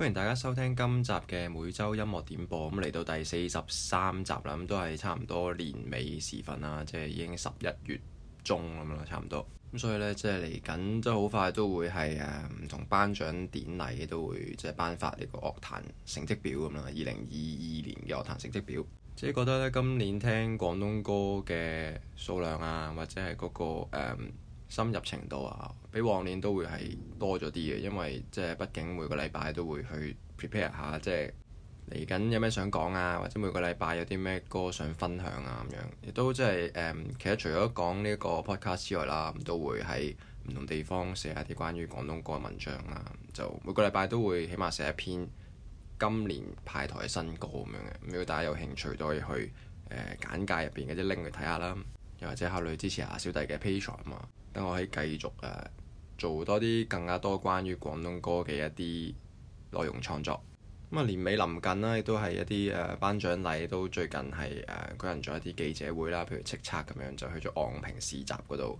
歡迎大家收聽今集嘅每周音樂點播，咁嚟到第四十三集啦，咁都係差唔多年尾時分啦，即係已經十一月中咁啦，差唔多。咁所以呢，即係嚟緊，即係好快都會係誒唔同頒獎典禮都會即係頒發呢個樂壇成績表咁啦，二零二二年嘅樂壇成績表。即係覺得呢，今年聽廣東歌嘅數量啊，或者係嗰個誒。嗯深入程度啊，比往年都會係多咗啲嘅，因為即係畢竟每個禮拜都會去 prepare 下，即係嚟緊有咩想講啊，或者每個禮拜有啲咩歌想分享啊咁樣，亦都即係誒，其實除咗講呢個 podcast 之外啦，都會喺唔同地方寫下啲關於廣東歌嘅文章啊。就每個禮拜都會起碼寫一篇今年派台嘅新歌咁樣嘅，如果大家有興趣都可以去誒、呃、簡介入邊嗰啲 link 去睇下啦。又或者考慮支持下小弟嘅 Patreon 嘛，等我可以繼續誒做多啲更加多關於廣東歌嘅一啲內容創作。咁啊，年尾臨近啦，亦都係一啲誒頒獎禮都最近係誒舉行咗一啲記者會啦，譬如叱咤咁樣就去咗昂平市集嗰度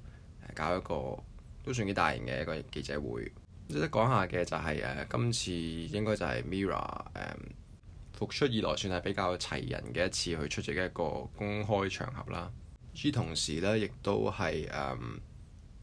搞一個都算幾大型嘅一個記者會。值得講下嘅就係、是、誒今次應該就係 MIRROR 復出以來算係比較齊人嘅一次去出席一個公開場合啦。於同時咧，亦都係誒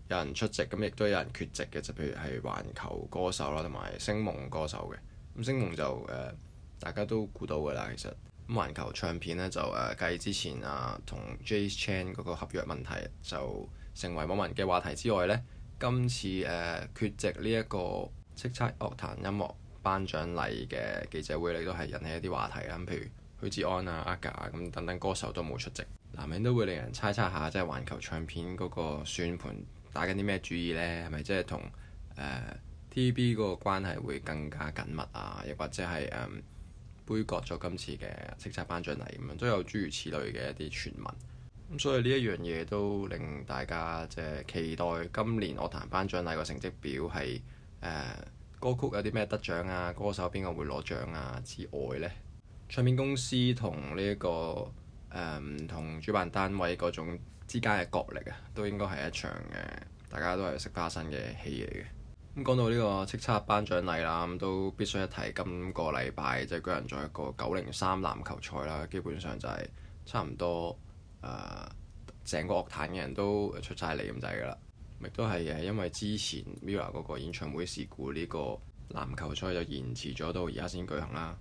有人出席，咁亦都有人缺席嘅，就譬如係環球歌手啦，同埋星夢歌手嘅。咁星夢就誒大家都估到㗎啦，其實咁環球唱片咧就誒繼之前啊同 Jace Chan 嗰個合約問題就成為網民嘅話題之外咧，今次誒缺席呢一個叱咤樂壇音樂頒獎禮嘅記者會，你都係引起一啲話題啦。譬如許志安啊、AGA 咁等等歌手都冇出席。男人都會令人猜測下，即係環球唱片嗰個算盤打緊啲咩主意呢？係咪即係同誒 TVB 嗰個關係會更加緊密啊？又或者係誒、呃、杯葛咗今次嘅叱咤頒獎禮咁樣，都有諸如此類嘅一啲傳聞。咁所以呢一樣嘢都令大家即係期待今年樂壇頒獎禮個成績表係、呃、歌曲有啲咩得獎啊，歌手邊個會攞獎啊之外呢，唱片公司同呢一個。誒唔同主辦單位嗰種之間嘅角力啊，都應該係一場誒大家都係食花生嘅戲嚟嘅。咁講、嗯、到呢個叱咤頒獎禮啦，咁都必須一提今個禮拜即係舉行咗一個九零三籃球賽啦，基本上就係差唔多誒成、呃、個樂壇嘅人都出晒嚟咁滯㗎啦，亦都係嘅，因為之前 MIRROR 嗰個演唱會事故呢個籃球賽就延遲咗到而家先舉行啦。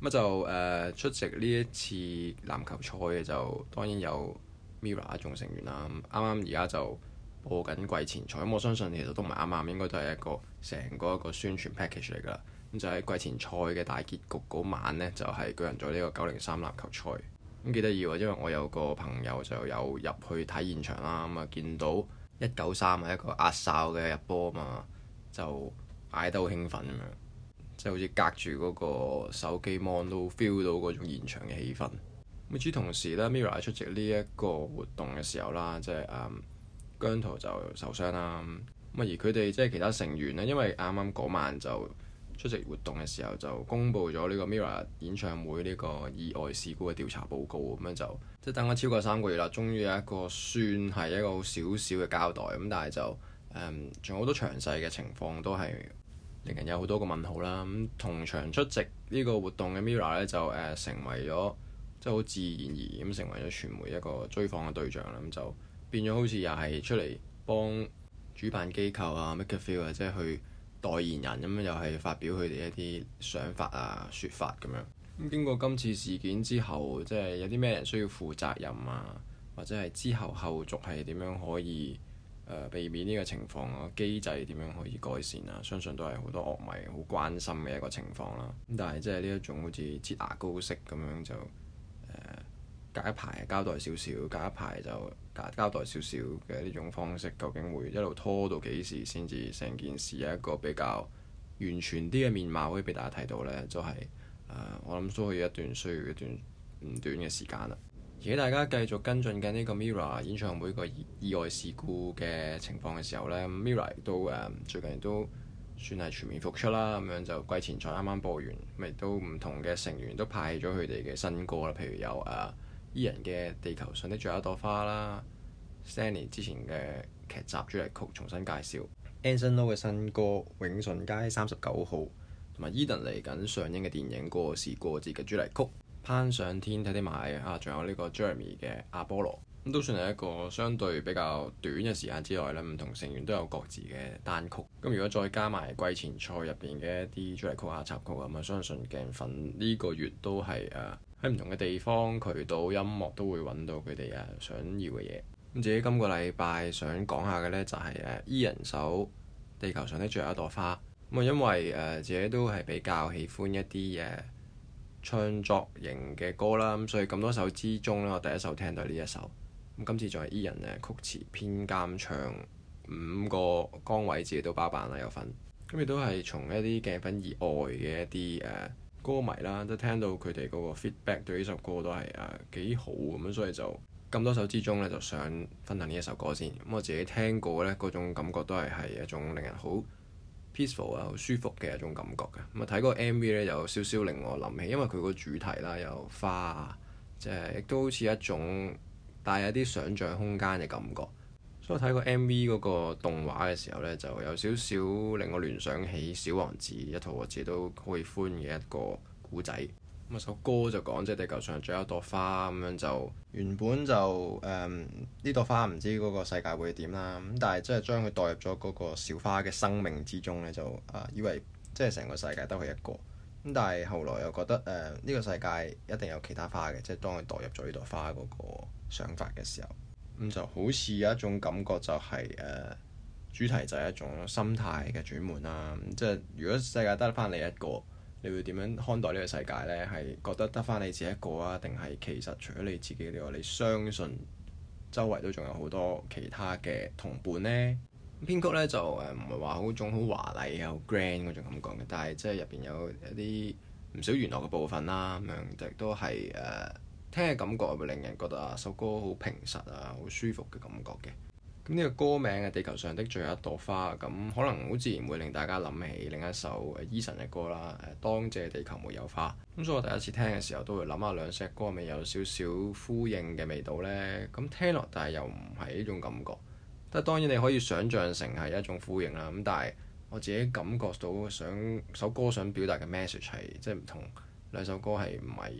咁、嗯、就誒、呃、出席呢一次籃球賽嘅就當然有 MIRROR 一眾成員啦，啱啱而家就播緊季前賽，咁、嗯、我相信其實都唔係啱啱，應該都係一個成個一個宣傳 package 嚟㗎啦。咁、嗯、就喺季前賽嘅大結局嗰晚呢，就係、是、巨人組呢個九零三籃球賽，咁幾得意喎，因為我有個朋友就有入去睇現場啦，咁、嗯、啊見到一九三係一個壓哨嘅一波啊嘛，就嗌得好興奮咁樣。就好似隔住嗰個手機 mon 都 feel 到嗰種現場嘅氣氛。與此同時咧，MIRROR 出席呢一個活動嘅時候啦，即係嗯，姜濤就受傷啦。咁啊，而佢哋即係其他成員咧，因為啱啱嗰晚就出席活動嘅時候，就公布咗呢個 MIRROR 演唱會呢個意外事故嘅調查報告，咁樣就即係等咗超過三個月啦，終於有一個算係一個好小小嘅交代咁，但係就誒仲、嗯、有好多詳細嘅情況都係，令人有好多個問號啦，咁同場出席呢個活動嘅 MIRROR 呢，就誒成為咗即係好自然而咁成為咗傳媒一個追訪嘅對象啦，咁就變咗好似又係出嚟幫主辦機構啊 make a feel 啊，即係去代言人咁樣又係發表佢哋一啲想法啊說法咁樣。咁經過今次事件之後，即係有啲咩人需要負責任啊，或者係之後後續係點樣可以，呃、避免呢個情況個機制點樣可以改善啊？相信都係好多樂迷好關心嘅一個情況啦。但係即係呢一種好似擠牙膏式咁樣就、呃、隔一排交代少少，隔一排就交交代少少嘅呢種方式，究竟會一路拖到幾時先至成件事有一個比較完全啲嘅面貌可以俾大家睇到呢，就係、是呃、我諗都需要一段需要一段唔短嘅時間啦。而大家繼續跟進緊呢個 Mirror 演唱會個意外事故嘅情況嘅時候咧，Mirror 都誒最近都算係全面復出啦。咁樣就季前賽啱啱播完，咪都唔同嘅成員都派咗佢哋嘅新歌啦。譬如有誒 Ian 嘅地球上的最後一朵花啦，Stanley 之前嘅劇集主題曲重新介紹，Anson Lo 嘅新歌《永順街三十九號》，同埋 Edan 嚟緊上映嘅電影歌歌《過時過節》嘅主題曲。攀上天睇啲埋啊。仲有呢個 Jeremy 嘅阿波羅，咁都算係一個相對比較短嘅時間之內咧，唔同成員都有各自嘅單曲。咁如果再加埋季前賽入邊嘅一啲主題曲啊、插曲啊咁啊，相信鏡粉呢個月都係誒喺唔同嘅地方渠道音樂都會揾到佢哋啊想要嘅嘢。咁自己今個禮拜想講下嘅呢、就是，就係誒 Ian 首地球上呢，最後一朵花咁啊，因為誒自己都係比較喜歡一啲嘅。唱作型嘅歌啦，咁所以咁多首之中呢，我第一首聽到呢一首。咁今次仲係 Ian 嘅曲詞編監唱，五個崗位自己都包辦啦，有份。咁亦都係從一啲鏡粉以外嘅一啲誒歌迷啦，都聽到佢哋嗰個 feedback 對呢首歌都係誒、啊、幾好咁，所以就咁多首之中呢，就想分享呢一首歌先。咁我自己聽過呢，嗰種感覺都係係一種令人好～Peaceful 啊，好舒服嘅一種感覺嘅。咁啊睇個 MV 咧，有少少令我諗起，因為佢個主題啦，有花啊，即係亦都好似一種帶有啲想像空間嘅感覺。所以我睇個 MV 嗰個動畫嘅時候咧，就有少少令我聯想起小王子一套我自己都好喜歡嘅一個故仔。首歌就講，即係地球上仲有一朵花，咁樣就原本就誒呢、嗯、朵花唔知嗰個世界會點啦咁，但係即係將佢代入咗嗰個小花嘅生命之中咧，就啊以為即係成個世界得佢一個咁，但係後來又覺得誒呢、呃這個世界一定有其他花嘅，即、就、係、是、當佢代入咗呢朵花嗰個想法嘅時候，咁、嗯、就好似有一種感覺就係誒，主題就係一種心態嘅轉換啦，即、嗯、係、就是、如果世界得返你一個。你會點樣看待呢個世界呢？係覺得得返你自己一個啊，定係其實除咗你自己之外，你相信周圍都仲有好多其他嘅同伴呢？編曲呢，就誒唔係話好重好華麗又 grand 嗰種感覺嘅，但係即係入邊有一啲唔少娛樂嘅部分啦，咁樣亦都係誒、呃、聽嘅感覺會令人覺得啊首歌好平實啊，好舒服嘅感覺嘅。咁呢個歌名係《地球上的最後一朵花》，咁可能好自然會令大家諗起另一首 Eason 嘅歌啦，《當這地球沒有花》。咁所以我第一次聽嘅時候都會諗下兩首歌咪有少少呼應嘅味道呢。咁聽落，但係又唔係呢種感覺。但係當然你可以想像成係一種呼應啦。咁但係我自己感覺到想首歌想表達嘅 message 係即係唔同兩首歌係唔係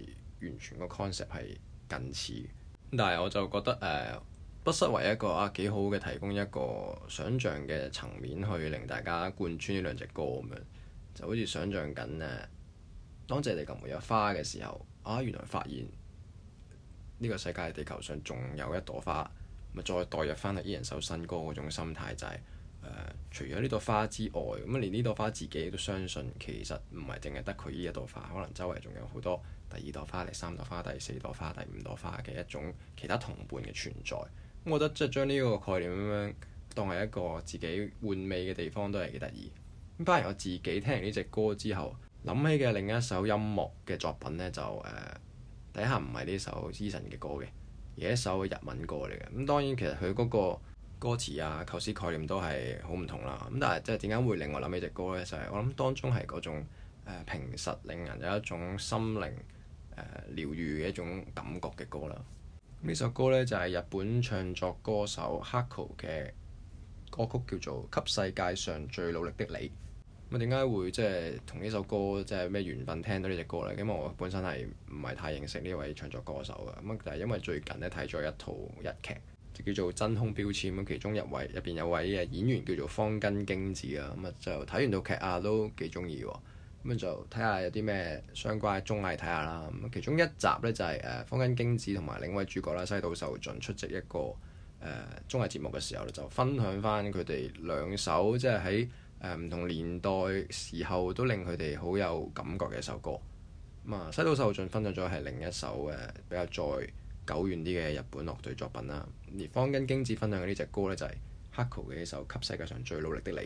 完全、個 concept 係近似。咁但係我就覺得誒。呃不失為一個啊幾好嘅提供一個想像嘅層面，去令大家貫穿呢兩隻歌咁樣，就好似想像緊呢，當地球沒有花嘅時候，啊原來發現呢個世界地球上仲有一朵花，咪再代入翻去 Ian 首新歌嗰種心態就係，呃，除咗呢朵花之外，咁啊連呢朵花自己都相信其實唔係淨係得佢呢一朵花，可能周圍仲有好多第二朵花、第三朵花、第四朵花、第五朵花嘅一種其他同伴嘅存在。我覺得即係將呢個概念咁樣當係一個自己換味嘅地方都係幾得意。咁，反而我自己聽完呢隻歌之後，諗起嘅另一首音樂嘅作品呢，就誒底下唔係呢首 Eason 嘅歌嘅，而係一首日文歌嚟嘅。咁當然其實佢嗰個歌詞啊、構思概念都係好唔同啦。咁但係即係點解會令我諗起隻歌呢？就係、是、我諗當中係嗰種、呃、平實，令人有一種心靈誒、呃、療癒嘅一種感覺嘅歌啦。呢首歌呢，就係、是、日本唱作歌手 Haku 嘅歌曲，叫做《給世界上最努力的你》。咁啊，點解會即係同呢首歌即係咩緣分聽到呢隻歌呢？因為我本身係唔係太認識呢位唱作歌手嘅。咁但就係因為最近呢，睇咗一套日劇，就叫做《真空標籤》，咁，其中一位入邊有位嘅演員叫做方根京子、嗯、啊，咁啊就睇完套劇啊都幾中意喎。咁就睇下有啲咩相關綜藝睇下啦。咁其中一集呢，就係、是、誒、啊、芳根京子同埋另一位主角啦，西島秀俊出席一個誒、呃、綜藝節目嘅時候就分享翻佢哋兩首即係喺誒唔同年代時候都令佢哋好有感覺嘅一首歌。咁啊西島秀俊分享咗係另一首誒、啊、比較再久遠啲嘅日本樂隊作品啦、啊。而芳根京子分享嘅呢隻歌呢，就係 Haku 嘅一首《給世界上最努力的你》。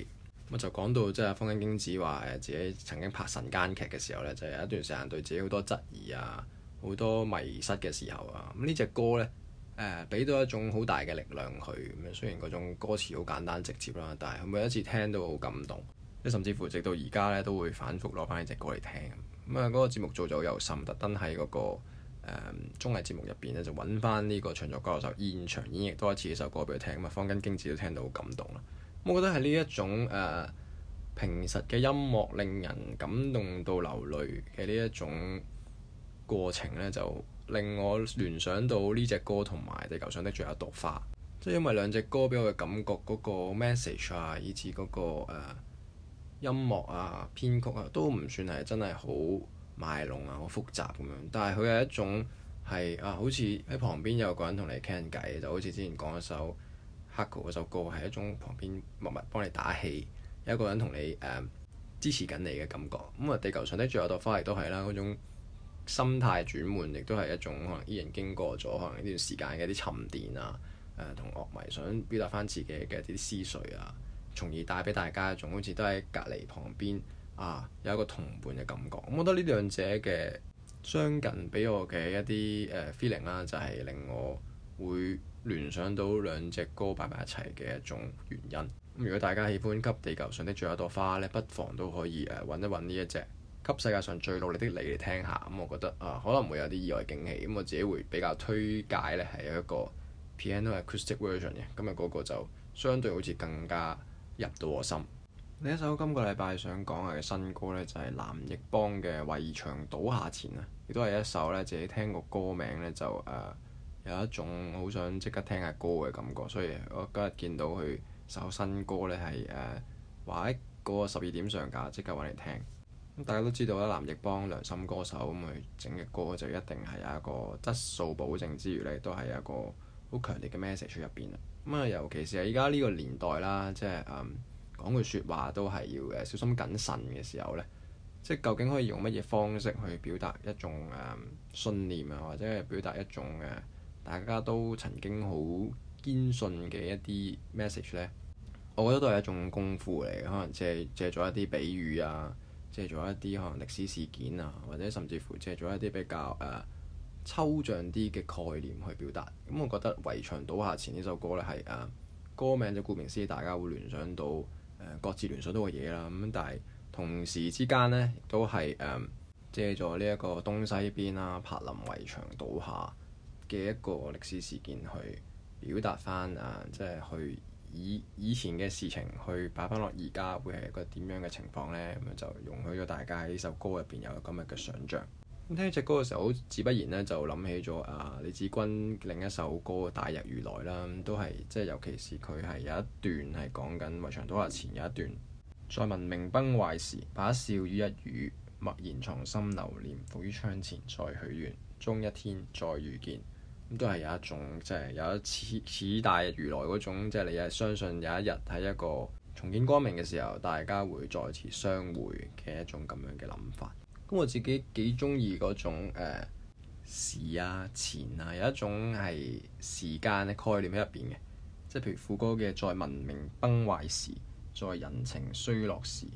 咁、嗯、就講到即係、就是、方根京子話自己曾經拍晨間劇嘅時候咧，就有一段時間對自己好多質疑啊，好多迷失嘅時候啊，咁呢隻歌呢，誒俾到一種好大嘅力量佢。咁、嗯、啊雖然嗰種歌詞好簡單直接啦，但係每一次聽到好感動，你甚至乎直到而家呢，都會反覆攞翻呢隻歌嚟聽。咁啊嗰個節目做咗又甚特登喺嗰個誒、嗯、綜藝節目入邊呢，就揾翻呢個唱作歌手現場演繹多一次呢首歌俾佢聽啊，方根京子都聽到好感動啦。我覺得係呢一種誒、呃、平實嘅音樂，令人感動到流淚嘅呢一種過程呢，就令我聯想到呢隻歌同埋《地球上的最後一朵花》。即係因為兩隻歌俾我嘅感覺，嗰個 message 啊，以至嗰個、呃、音樂啊、編曲啊，都唔算係真係好賣弄啊、好複雜咁樣。但係佢係一種係啊，好似喺旁邊有個人同你傾偈，就好似之前講一首。黑 g 嗰首歌係一種旁邊默默幫你打氣，有一個人同你誒、嗯、支持緊你嘅感覺。咁啊，地球上的最後一朵花亦都係啦，嗰種心態轉換，亦都係一種可能依然經過咗可能呢段時間嘅啲沉澱啊，誒、嗯、同樂迷想表達翻自己嘅啲思緒啊，從而帶俾大家一種好似都喺隔離旁邊啊，有一個同伴嘅感覺。我覺得呢兩者嘅相近俾我嘅一啲誒 feeling 啦，呃、就係令我會。聯想到兩隻歌擺埋一齊嘅一種原因。咁如果大家喜歡《給地球上的最後一朵花》咧，不妨都可以誒揾、啊、一揾呢一隻《給世界上最努力的你》嚟聽下。咁、嗯、我覺得啊，可能會有啲意外驚喜。咁、嗯、我自己會比較推介咧係一個 Piano Acoustic Version 嘅。咁啊嗰個就相對好似更加入到我心。另一首今個禮拜想講嘅新歌呢，就係藍奕邦嘅《圍牆倒下前》。啊，亦都係一首咧自己聽過歌名呢。就誒。呃有一種好想即刻聽下歌嘅感覺，所以我今日見到佢首新歌呢係誒，話喺嗰個十二點上架，即刻揾嚟聽。咁、嗯、大家都知道啦，藍奕邦良心歌手，咁佢整嘅歌就一定係有一個質素保證之餘呢都係有一個好強烈嘅 message 喺入邊啦。咁、嗯、啊，尤其是係依家呢個年代啦，即係嗯講句説話都係要誒小心謹慎嘅時候呢，即係究竟可以用乜嘢方式去表達一種誒、嗯、信念啊，或者係表達一種誒、嗯大家都曾經好堅信嘅一啲 message 呢，我覺得都係一種功夫嚟嘅，可能借借咗一啲比喻啊，借咗一啲可能歷史事件啊，或者甚至乎借咗一啲比較誒、呃、抽象啲嘅概念去表達。咁、嗯、我覺得《圍牆倒下前》呢首歌呢，係誒、呃、歌名就顧名思義，大家會聯想到誒、呃、各自聯想到嘅嘢啦。咁但係同時之間呢，都係誒、呃、借咗呢一個東西邊啦，柏林圍牆倒下。嘅一個歷史事件去表達翻啊，即係去以以前嘅事情去擺翻落而家，會係一個點樣嘅情況呢？咁樣就容許咗大家喺呢首歌入邊有今日嘅想像。咁聽呢隻歌嘅時候，好自不然呢就諗起咗啊李子軍另一首歌《大日如來》啦，都係即係尤其是佢係有一段係講緊圍牆多塌前有一段，在文明崩壞時，把笑於一語，默然藏心流念，浮於窗前再許願，終一天再遇見。咁都係有一種即係、就是、有一似似大如來嗰種，即、就、係、是、你係相信有一日喺一個重見光明嘅時候，大家會再次相會嘅一種咁樣嘅諗法。咁我自己幾中意嗰種誒、呃、時啊、前啊，有一種係時間嘅概念喺入邊嘅，即係譬如副歌嘅在文明崩壞時，在人情衰落時，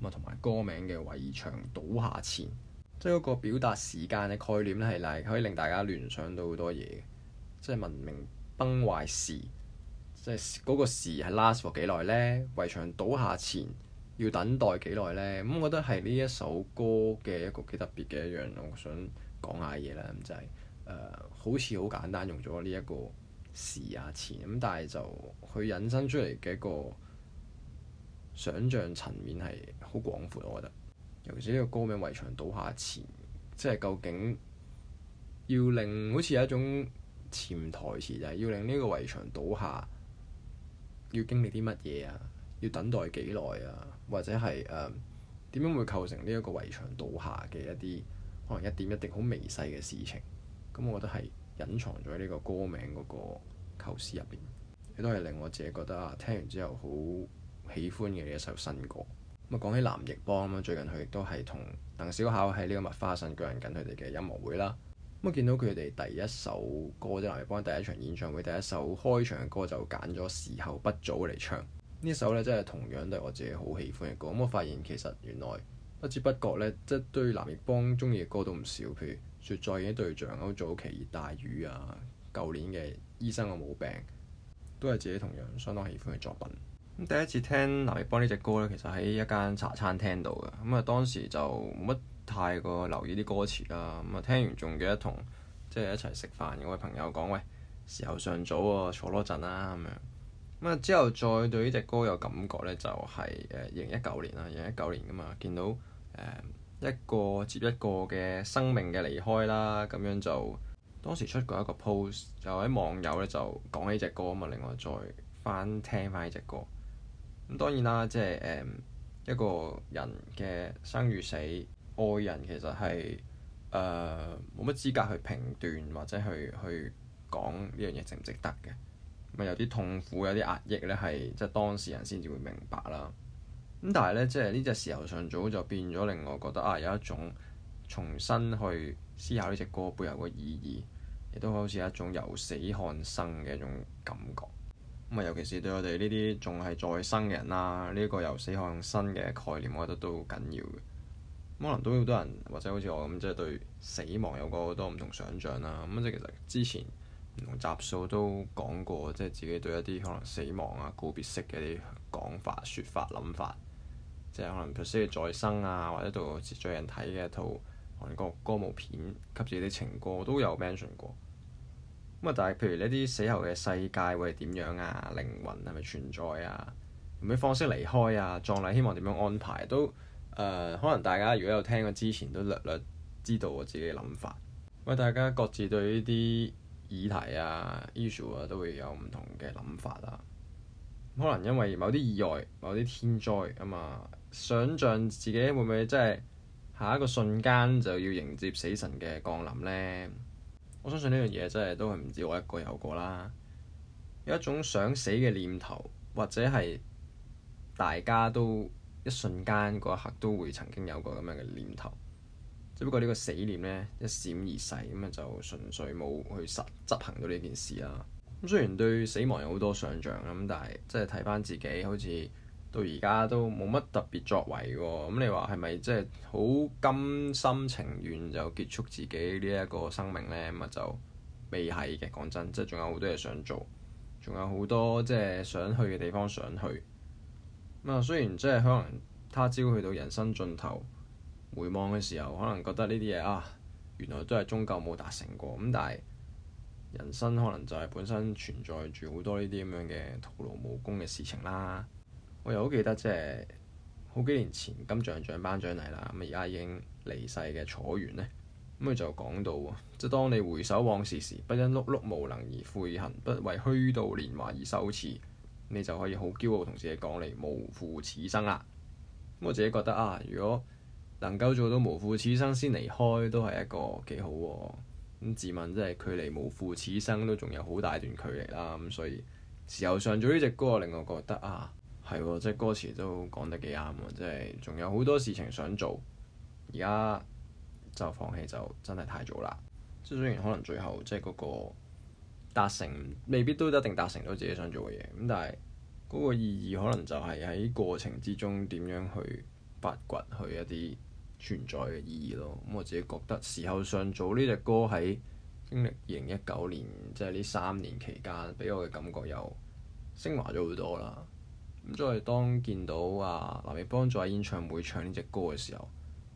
咁啊同埋歌名嘅圍牆倒下前。即係嗰個表達時間嘅概念咧，係嚟可以令大家聯想到好多嘢，即係文明崩壞時，即係嗰個時係 last for 幾耐咧？圍牆倒下前要等待幾耐咧？咁、嗯、我覺得係呢一首歌嘅一個幾特別嘅一樣，我想講下嘢啦。咁就係、是、誒、呃，好似好簡單用咗呢一個時啊前，咁、嗯、但係就佢引申出嚟嘅一個想像層面係好廣闊，我覺得。尤其呢個歌名《圍牆倒下前》，即係究竟要令好似有一種潛台詞，就係要令呢個圍牆倒下，要經歷啲乜嘢啊？要等待幾耐啊？或者係誒點樣會構成呢一個圍牆倒下嘅一啲可能一點一滴好微細嘅事情？咁我覺得係隱藏咗呢個歌名嗰個構思入邊，亦都係令我自己覺得啊，聽完之後好喜歡嘅一首新歌。咁講起藍奕邦咁最近佢亦都係同鄧小巧喺呢個麥花臣舉行緊佢哋嘅音樂會啦。咁啊，見到佢哋第一首歌即係藍奕邦第一場演唱會第一首開場嘅歌就揀咗《時候不早》嚟唱。呢首呢真係同樣都係我自己好喜歡嘅歌。咁我發現其實原來不知不覺呢，即係對藍奕邦中意嘅歌都唔少，譬如說《再見對象》好早期《熱帶雨》啊、舊年嘅《醫生我冇病》，都係自己同樣相當喜歡嘅作品。第一次聽藍奕邦呢隻歌呢，其實喺一間茶餐廳度嘅。咁啊，當時就冇乜太過留意啲歌詞啦。咁啊，聽完仲記得同即係一齊食飯嗰位朋友講：喂，時候尚早啊，坐多陣啦咁樣。咁啊，之後再對呢隻歌有感覺呢、就是，就係誒二零一九年啦，二零一九年㗎嘛，見到、呃、一個接一個嘅生命嘅離開啦，咁樣就當時出過一個 post，就喺網友呢就講起隻歌啊嘛，另外再翻聽翻呢隻歌。咁當然啦，即係誒一個人嘅生與死，愛人其實係誒冇乜資格去評斷或者去去講呢樣嘢值唔值得嘅。咪有啲痛苦、有啲壓抑咧，係即係當事人先至會明白啦。咁但係咧，即係呢隻時候尚早就變咗令我覺得啊，有一種重新去思考呢隻歌背後嘅意義，亦都好似一種由死看生嘅一種感覺。咁啊、嗯，尤其是對我哋呢啲仲係在生嘅人啦、啊，呢、這個由死看生嘅概念，我覺得都好緊要嘅、嗯。可能都有好多人，或者好似我咁，即、就、係、是、對死亡有好多唔同想像啦、啊。咁、嗯、即係其實之前唔同集數都講過，即、就、係、是、自己對一啲可能死亡啊、告別式嘅啲講法、説法、諗法，即係可能譬如需再生啊，或者到最近睇嘅一套韓國歌舞片及自己啲情歌都有 mention 過。咁啊！但係，譬如呢啲死後嘅世界會係點樣啊？靈魂係咪存在啊？用咩方式離開啊？葬禮希望點樣安排都誒、呃？可能大家如果有聽過之前，都略略知道我自己嘅諗法。喂、呃，大家各自對呢啲議題啊、issue 啊，都會有唔同嘅諗法啊。可能因為某啲意外、某啲天災啊嘛，想像自己會唔會即係下一個瞬間就要迎接死神嘅降臨呢？我相信呢樣嘢真係都係唔止我一個有過啦，有一種想死嘅念頭，或者係大家都一瞬間嗰一刻都會曾經有過咁樣嘅念頭，只不過呢個死念咧一閃而逝，咁啊就純粹冇去實執行到呢件事啦。咁雖然對死亡有好多想像咁，但係即係睇翻自己好似，到而家都冇乜特別作為喎，咁你話係咪即係好甘心情願就結束自己呢一個生命呢？咁啊就未係嘅，講真，即係仲有好多嘢想做，仲有好多即係想去嘅地方想去。咁啊，雖然即係可能他朝去到人生盡頭回望嘅時候，可能覺得呢啲嘢啊原來都係終究冇達成過咁，但係人生可能就係本身存在住好多呢啲咁樣嘅徒勞無功嘅事情啦。我又好記得，即係好幾年前金像獎頒獎禮啦。咁而家已經離世嘅楚原呢，咁佢就講到，即係當你回首往事時，不因碌碌無能而悔恨，不為虛度年華而羞恥，你就可以好驕傲同自己講你無負此生啦。咁我自己覺得啊，如果能夠做到無負此生先離開，都係一個幾好。咁自問即係距離無負此生都仲有好大段距離啦。咁所以時候尚早呢隻歌，令我覺得啊。係即係歌詞都講得幾啱喎。即係仲有好多事情想做，而家就放棄就真係太早啦。即係雖然可能最後即係嗰個達成未必都一定達成到自己想做嘅嘢，咁但係嗰個意義可能就係喺過程之中點樣去發掘去一啲存在嘅意義咯。咁我自己覺得時候尚早呢隻歌喺經歷二零一九年，即係呢三年期間，俾我嘅感覺又升華咗好多啦。咁再當見到啊，藍奕邦在演唱會唱呢隻歌嘅時候，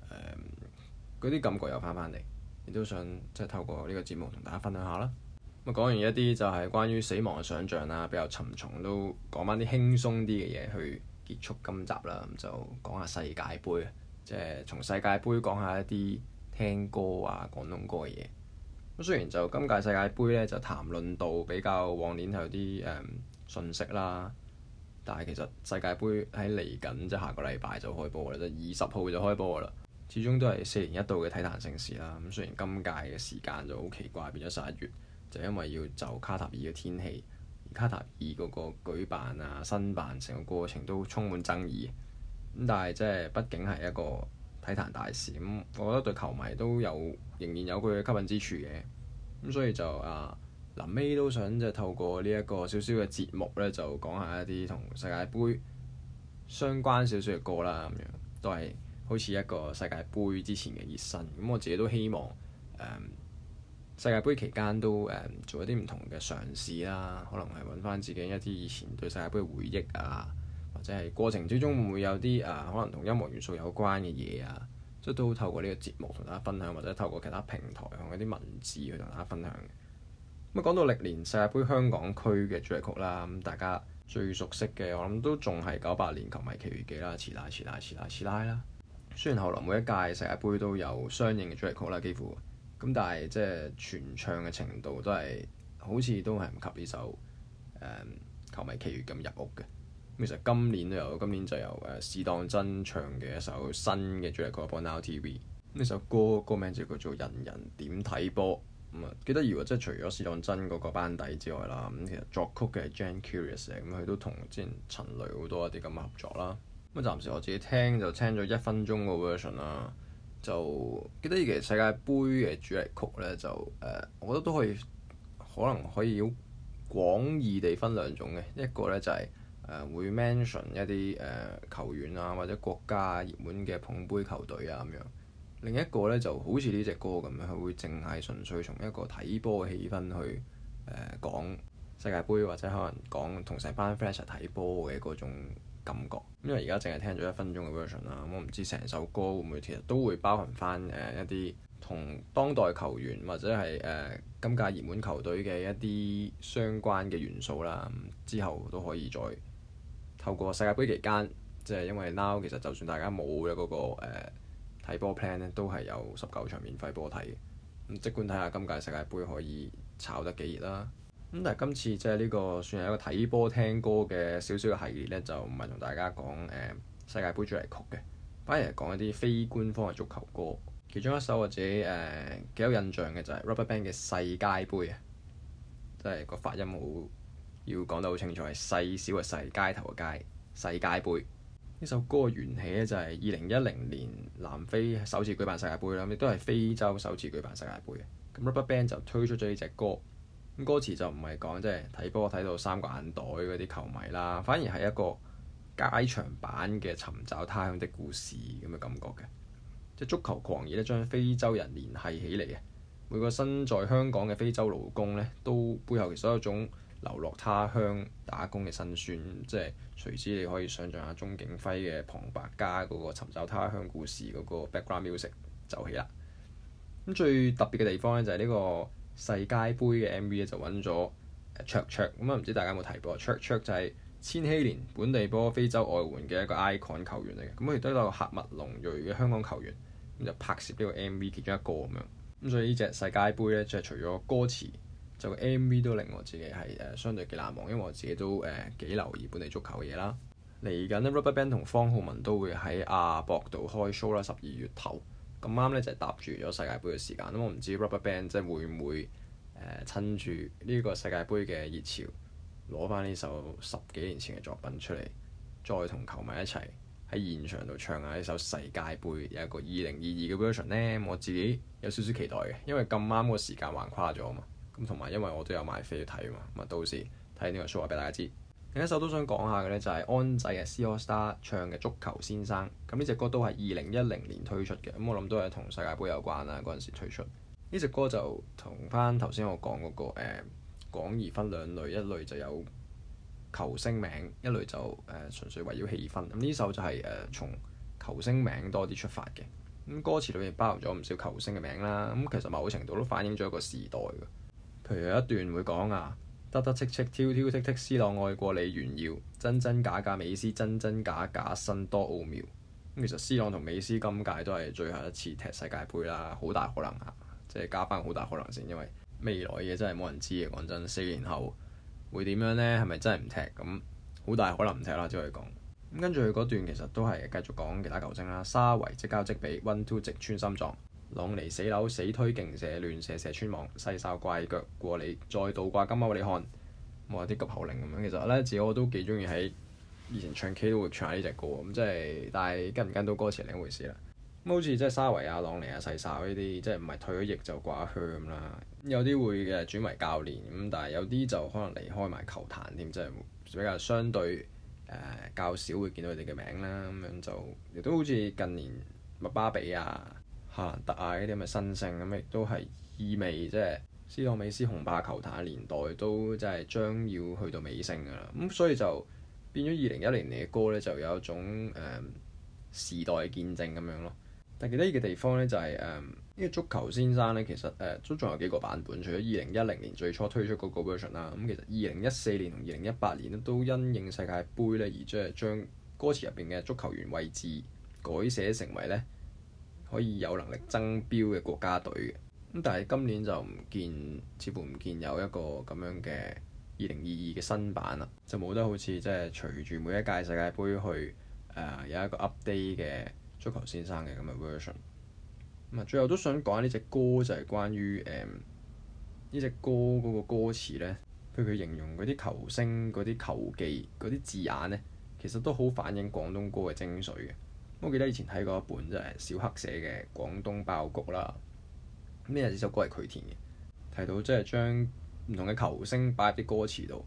嗰、嗯、啲感覺又翻翻嚟，亦都想即係透過呢個節目同大家分享下啦。咁講完一啲就係關於死亡嘅想像啦，比較沉重，都講翻啲輕鬆啲嘅嘢去結束今集啦。咁就講下世界盃，即、就、係、是、從世界盃講一下一啲聽歌啊，廣東歌嘅嘢。咁雖然就今屆世界盃咧，就談論到比較往年有啲誒、嗯、信息啦。但係其實世界盃喺嚟緊，即、就係、下個禮拜就開波啦，即二十號就開波噶啦。始終都係四年一度嘅體壇盛事啦。咁雖然今屆嘅時間就好奇怪，變咗十一月，就因為要就卡塔爾嘅天氣，而卡塔爾嗰個舉辦啊、申辦成個過程都充滿爭議。咁但係即係畢竟係一個體壇大事，咁我覺得對球迷都有仍然有佢嘅吸引之處嘅。咁所以就啊～臨尾都想就透過呢一個少少嘅節目咧，就講下一啲同世界盃相關少少嘅歌啦。咁樣都係好似一個世界盃之前嘅熱身。咁我自己都希望、嗯、世界盃期間都、嗯、做一啲唔同嘅嘗試啦。可能係揾翻自己一啲以前對世界盃嘅回憶啊，或者係過程之中會唔會有啲誒、啊、可能同音樂元素有關嘅嘢啊，即都透過呢個節目同大家分享，或者透過其他平台同一啲文字去同大家分享。咁講到歷年世界盃香港區嘅主題曲啦，咁大家最熟悉嘅，我諗都仲係九八年球迷奇遇記啦，馳啦馳啦馳啦馳啦啦。雖然後來每一屆世界盃都有相應嘅主題曲啦，幾乎咁，但係即係全唱嘅程度都係好似都係唔及呢首誒、嗯、球迷奇遇咁入屋嘅。咁其實今年都有，今年就有誒試當真唱嘅一首新嘅主題曲播 Now TV。呢、嗯、首歌歌名就叫做人人點睇波。記得如果即係除咗史壯真嗰個班底之外啦，咁其實作曲嘅 Jane Curious 咁、嗯、佢都同之前陳雷好多一啲咁嘅合作啦。咁、嗯、暫時我自己聽就聽咗一分鐘個 version 啦，就記得以前世界盃嘅主題曲咧，就誒、呃，我覺得都可以，可能可以好廣義地分兩種嘅，一個咧就係、是、誒、呃、會 mention 一啲誒、呃、球員啊，或者國家啊、熱門嘅捧杯球隊啊咁樣。另一個呢就好似呢隻歌咁樣，佢會淨係純粹從一個睇波嘅氣氛去誒、呃、講世界盃，或者可能講同成班 fans 睇波嘅嗰種感覺。因為而家淨係聽咗一分鐘嘅 version 啦、嗯，我唔知成首歌會唔會其實都會包含返誒一啲同、呃、當代球員或者係誒、呃、今屆熱門球隊嘅一啲相關嘅元素啦、嗯。之後都可以再透過世界盃期間，即、就、係、是、因為 now 其實就算大家冇咗嗰個、呃睇波 plan 咧都係有十九場免費波睇嘅，咁即管睇下今屆世界盃可以炒得幾熱啦。咁但係今次即係呢、呢個算係一個睇波聽歌嘅少少嘅系列咧，就唔係同大家講誒、呃、世界盃主題曲嘅，反而係講一啲非官方嘅足球歌。其中一首我自己誒幾、呃、有印象嘅就係 Rubberband 嘅《細街盃》啊，即係個發音好要講得好清楚，係細小嘅細，街頭嘅街，細街盃。呢首歌嘅緣起咧就係二零一零年南非首次舉辦世界盃啦，亦都係非洲首次舉辦世界盃，咁 Rubberband 就推出咗呢隻歌，咁歌詞就唔係講即係睇波睇到三個眼袋嗰啲球迷啦，反而係一個街場版嘅尋找他鄉的故事咁嘅感覺嘅。即係足球狂熱咧，將非洲人聯繫起嚟嘅。每個身在香港嘅非洲勞工咧，都背後其實有一種流落他鄉打工嘅辛酸，即係隨之你可以想象下鍾景輝嘅旁白加嗰個尋找他鄉故事嗰個 background music 就起啦。咁最特別嘅地方咧就係呢個世界盃嘅 MV 咧就揾咗卓卓咁啊，唔知大家有冇睇過？卓卓就係千禧年本地波非洲外援嘅一個 icon 球員嚟嘅，咁佢亦都有一個喀麥隆裔嘅香港球員，咁就拍攝呢個 MV 其中一個咁樣。咁所以呢隻世界盃咧，即係除咗歌詞。就 M.V. 都令我自己係誒相對幾難忘，因為我自己都誒幾、呃、留意本地足球嘅嘢啦。嚟緊呢 Rubberband 同方浩文都會喺亞博度開 show 啦。十二月頭咁啱咧，就係、是、搭住咗世界盃嘅時間咁、嗯，我唔知 Rubberband 即係會唔會誒、呃、趁住呢個世界盃嘅熱潮攞翻呢首十幾年前嘅作品出嚟，再同球迷一齊喺現場度唱下呢首世界盃有一個二零二二嘅 version 咧。我自己有少少期待嘅，因為咁啱個時間橫跨咗啊嘛。同埋，因為我都有買飛要睇啊嘛，咁啊到時睇呢個 show 話俾大家知。另一首都想講下嘅呢，就係安仔嘅《C All Star》唱嘅《足球先生》。咁呢隻歌都係二零一零年推出嘅，咁我諗都係同世界盃有關啦。嗰陣時推出呢隻歌就同翻頭先我講嗰、那個誒、呃、廣義分兩類，一類就有球星名，一類就誒、呃、純粹圍繞氣氛。咁呢首就係、是、誒、呃、從球星名多啲出發嘅。咁歌詞裏面包含咗唔少球星嘅名啦。咁其實某程度都反映咗一個時代㗎。佢有一段會講啊，得得戚戚，挑挑剔剔，C 朗愛過你炫耀，真真假假，美斯真真假假，新多奧妙。咁其實 C 朗同美斯今屆都係最後一次踢世界盃啦，好大可能啊，即係加班好大可能性，因為未來嘢真係冇人知嘅，講真，四年後會點樣呢？係咪真係唔踢咁？好大可能唔踢啦，只可以講。咁跟住嗰段其實都係繼續講其他球星啦，沙維即交即比，one two 直穿心臟。朗尼死扭死推勁射亂射射穿網，細哨怪腳過你，再倒掛金鈎你看，冇有啲急口令咁樣。其實呢，自我都幾中意喺以前唱 K 都會唱下呢隻歌咁、嗯，即係但係跟唔跟到歌詞另一回事啦。咁、嗯、好似即係沙維亞、啊、朗尼啊、細哨呢啲，即係唔係退咗役就掛靴啦、嗯？有啲會嘅轉為教練咁、嗯，但係有啲就可能離開埋球壇添、嗯，即係比較相對誒、呃、較少會見到佢哋嘅名啦。咁、嗯、樣就亦都好似近年麥巴比啊～哈蘭特啊呢啲咪新星咁，亦都係意味即係 C 朗美斯雄霸球壇嘅年代都即係將要去到尾聲㗎啦。咁所以就變咗二零一零年嘅歌咧，就有一種誒、嗯、時代嘅見證咁樣咯。但係記得呢個地方咧就係誒呢個足球先生咧，其實誒都仲有幾個版本。除咗二零一零年最初推出嗰個 version 啦，咁其實二零一四年同二零一八年都因應世界盃咧而即係將歌詞入邊嘅足球員位置改寫成為咧，可以有能力爭標嘅國家隊嘅，咁但係今年就唔見，似乎唔見有一個咁樣嘅二零二二嘅新版啦，就冇得好似即係隨住每一屆世界盃去誒、呃、有一個 update 嘅足球先生嘅咁嘅 version。咁啊，最後都想講呢隻歌就係關於誒呢隻歌嗰個歌詞呢。譬如佢形容嗰啲球星、嗰啲球技、嗰啲字眼呢，其實都好反映廣東歌嘅精髓嘅。我記得以前睇過一本，就係小黑寫嘅《廣東爆谷》啦。咩？呢首歌係佢填嘅，提到即係將唔同嘅球星擺入啲歌詞度，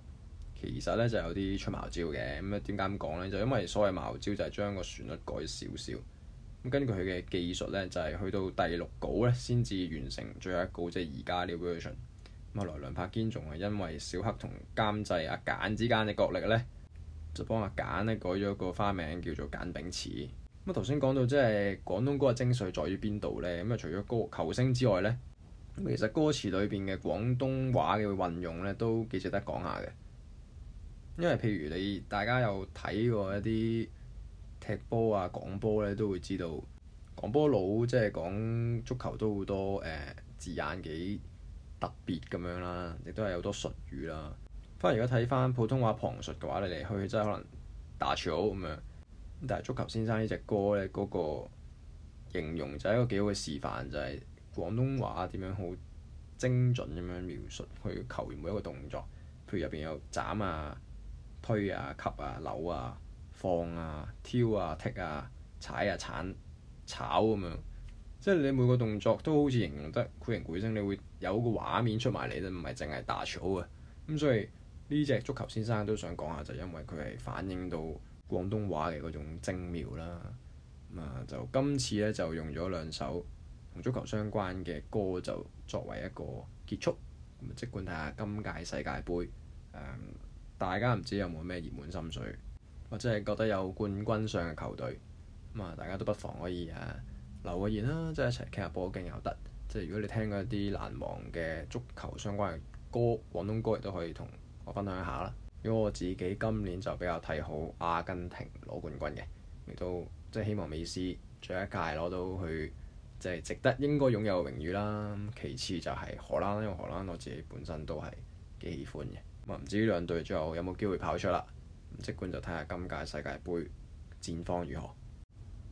其實呢就是、有啲出茅招嘅。咁咧點解咁講呢？就因為所謂茅招就係將個旋律改少少。咁根據佢嘅技術呢，就係、是、去到第六稿呢先至完成最後一稿，即係而家呢個 version。咁後來梁柏堅仲係因為小黑同監製阿簡之間嘅角力呢，就幫阿簡咧改咗個花名叫做簡炳池。咁頭先講到，即係廣東歌嘅精髓在於邊度呢？咁啊，除咗歌球星之外呢，咁其實歌詞裏邊嘅廣東話嘅運用呢，都幾值得講下嘅。因為譬如你大家有睇過一啲踢波啊、講波、啊、呢，都會知道講波佬即係講足球都好多誒、呃、字眼幾特別咁樣啦，亦都係好多術語啦。不過如果睇翻普通話旁述嘅話，你哋去去即係可能打草咁樣。但係足球先生呢隻歌呢，嗰、那個形容就係一個幾好嘅示範，就係、是、廣東話點樣好精準咁樣描述佢球員每一個動作，譬如入邊有斬啊、推啊、吸啊、扭啊、放啊、挑啊、踢啊、踩啊、鏟、啊啊、炒咁、啊、樣，即係你每個動作都好似形容得繪形繪聲，你會有個畫面出埋嚟啫，唔係淨係打草嘅。咁所以呢隻足球先生都想講下，就是、因為佢係反映到。廣東話嘅嗰種精妙啦，咁啊就今次咧就用咗兩首同足球相關嘅歌就作為一個結束。咁即管睇下今屆世界盃，嗯、大家唔知有冇咩熱門心水，或者係覺得有冠軍上嘅球隊，咁啊大家都不妨可以誒、啊、留個言啦、啊，即係一齊傾下波經又得。即係如果你聽過一啲難忘嘅足球相關嘅歌，廣東歌亦都可以同我分享一下啦。因為我自己今年就比較睇好阿根廷攞冠軍嘅，亦都即係希望美斯最後一屆攞到佢即係值得應該擁有嘅榮譽啦。其次就係荷蘭，因為荷蘭我自己本身都係幾喜歡嘅。咁啊唔知呢兩隊最後有冇機會跑出啦？咁即管就睇下今屆世界盃戰況如何。